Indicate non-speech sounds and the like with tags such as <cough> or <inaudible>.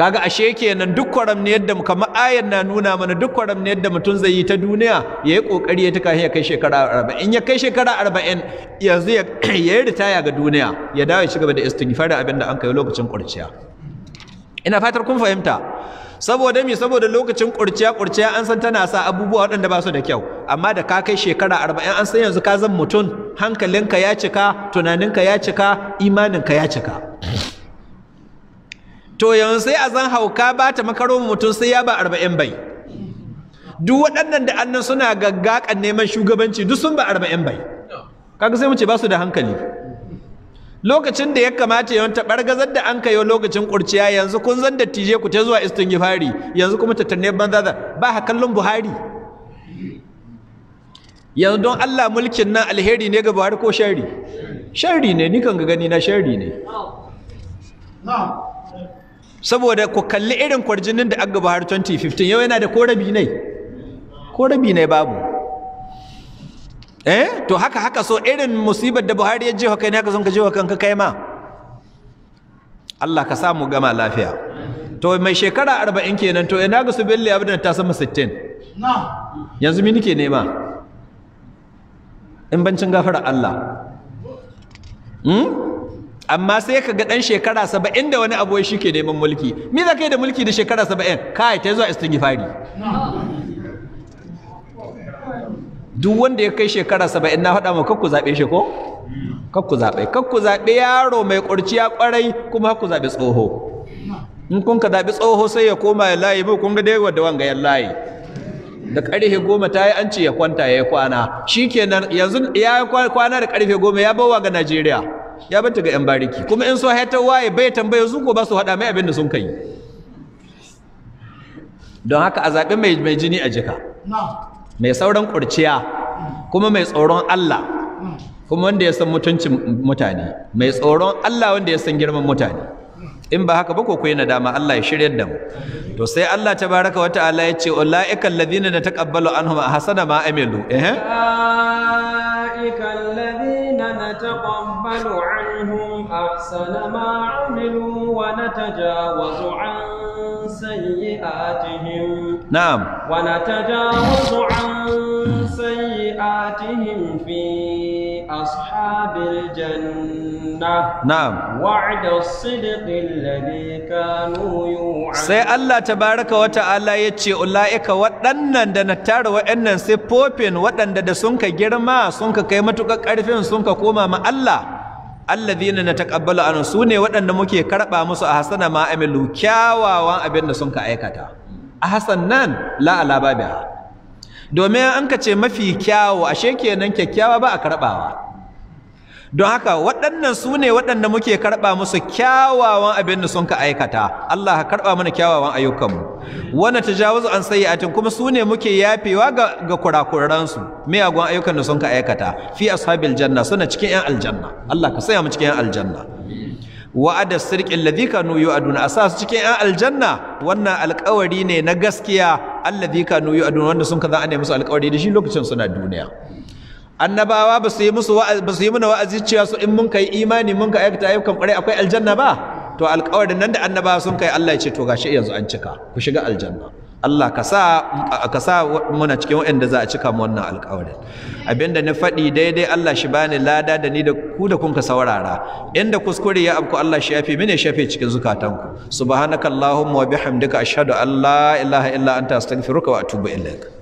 kaga ashe kenan duk kwaram ne yadda kamar ayar na nuna mana duk kwaram ne yadda mutum zai yi ta duniya ya yi kokari ya tuka ya kai shekara arba'in ya kai shekara arba'in yanzu <clears throat> ya yi ritaya ga duniya ya dawo ya ci gaba da istighfari abin da an kai lokacin kurciya ina fatar kun fahimta saboda mi saboda lokacin kurciya kurciya an san tana sa abubuwa waɗanda ba su da kyau amma da ka kai shekara arba'in an san yanzu ka zan mutum hankalinka ya cika tunaninka ya cika imaninka ya cika to yanzu sai a zan hauka ba ta makaro mutum sai ya ba arba'in bai duk waɗannan da annan suna gaggakan neman shugabanci duk sun ba arba'in bai kaga sai mu ce ba su da hankali lokacin da ya kamata yawan ta bargazar da an kayo lokacin kurciya yanzu kun zan da tije ku ta zuwa gifari yanzu kuma ta tanne da ba ha kallon buhari yanzu don Allah mulkin nan alheri ne ga buhari ko shari shari ne ni kan ga gani na shari ne saboda ku kalli irin kwarjinin da aka Buhari 2015 yau yana da korabi ne korabi ne babu eh to haka haka so irin musibar da Buhari ya jefa kai ne haka son ka jefa kanka kai ma Allah ka samu gama lafiya to mai shekara 40 kenan to ina ga su billi abin ta sama 60 yanzu mini ke nema in bancin gafara Allah hmm? amma sai ka ga dan shekara saba'in da wani abu shi ke neman mulki me za ka yi da mulki da shekara saba'in kai ta zuwa istighfari duk wanda ya kai shekara saba'in na faɗa ma kakku zaɓe shi ko kakku zaɓe kakku zaɓe yaro mai ƙurciya ƙwarai kuma kakku zaɓe tsoho in kun ka zaɓi tsoho sai ya koma ya layi bu kun ga dai wanda wanga ya layi da ƙarfe goma ta yi an ce ya kwanta ya yi kwana shikenan yanzu ya kwana da ƙarfe goma ya bawa ga Najeriya ya bata ga yan bariki kuma in so haita waye bai tambaya su ko ba su hada mai abin da sun kai don haka a zaɓi mai jini a jika mai sauran ƙurciya, kuma mai tsoron Allah kuma wanda ya san mutuncin mutane mai tsoron Allah wanda ya san girman mutane in ba haka ba ko kuyi nadama Allah ya shirya da mu to sai Allah ta baraka wata ala ya ce ulaika alladhina nataqabbalu anhum ahsana ma amilu نقبل عنهم أحسن ما عملوا ونتجاوز عن سيئاتهم نعم ونتجاوز عن سيئاتهم في أصحاب الجنة نعم وعد الصدق الذي كانوا يوعدون سي الله تبارك وتعالى يتشي أولئك وأنن دنتار وأنن سيبوبين وأنن دسنك جرما سنك كيمتك كارفين سنك كوما ما الله الذين نتقبل muke سوني وأنن a كربا ma أحسن ما أملو كاوا وأن أبن سنك أيكتا أحسن نان لا على بابها domin an ka mafi kyawu ashe kenan kyakkyawa ba a karɓawa don haka waɗannan su ne waɗanda muke karɓa musu kyawawan abin da sun ka aikata Allah ka karɓa mana kyawawan ayyukanmu wannan jawo an tun kuma su ne muke yafewa ga ga kurakuransu miyagun ayyukan da sun ka aikata fi ashabil janna suna cikin yan aljanna Allah ka saya mu cikin yan aljanna wa'ada a duniya kanu sa asas cikin yan aljanna wannan alƙawari ne na gaskiya alladhi kanu duniya wanda sun kaza an musu alƙawari da shi lokacin suna duniya annabawa ba su yi musu ba su yi mana wa'azi cewa su in mun kai imani mun ka aikata ayyukan kwarai akwai aljanna ba to alƙawarin nan da annabawa sun kai Allah ya ce to gashi yanzu an cika ku shiga aljanna Allah ka sa ka sa muna cikin waɗanda za a cika mu wannan alƙawarin abinda na faɗi daidai Allah shi bani lada da ni da ku da kun ka saurara inda kuskure ya abku Allah shi yafi mene shafe cikin zukatanku subhanakallahumma wa bihamdika ashhadu an la ilaha illa anta astaghfiruka wa atubu ilaik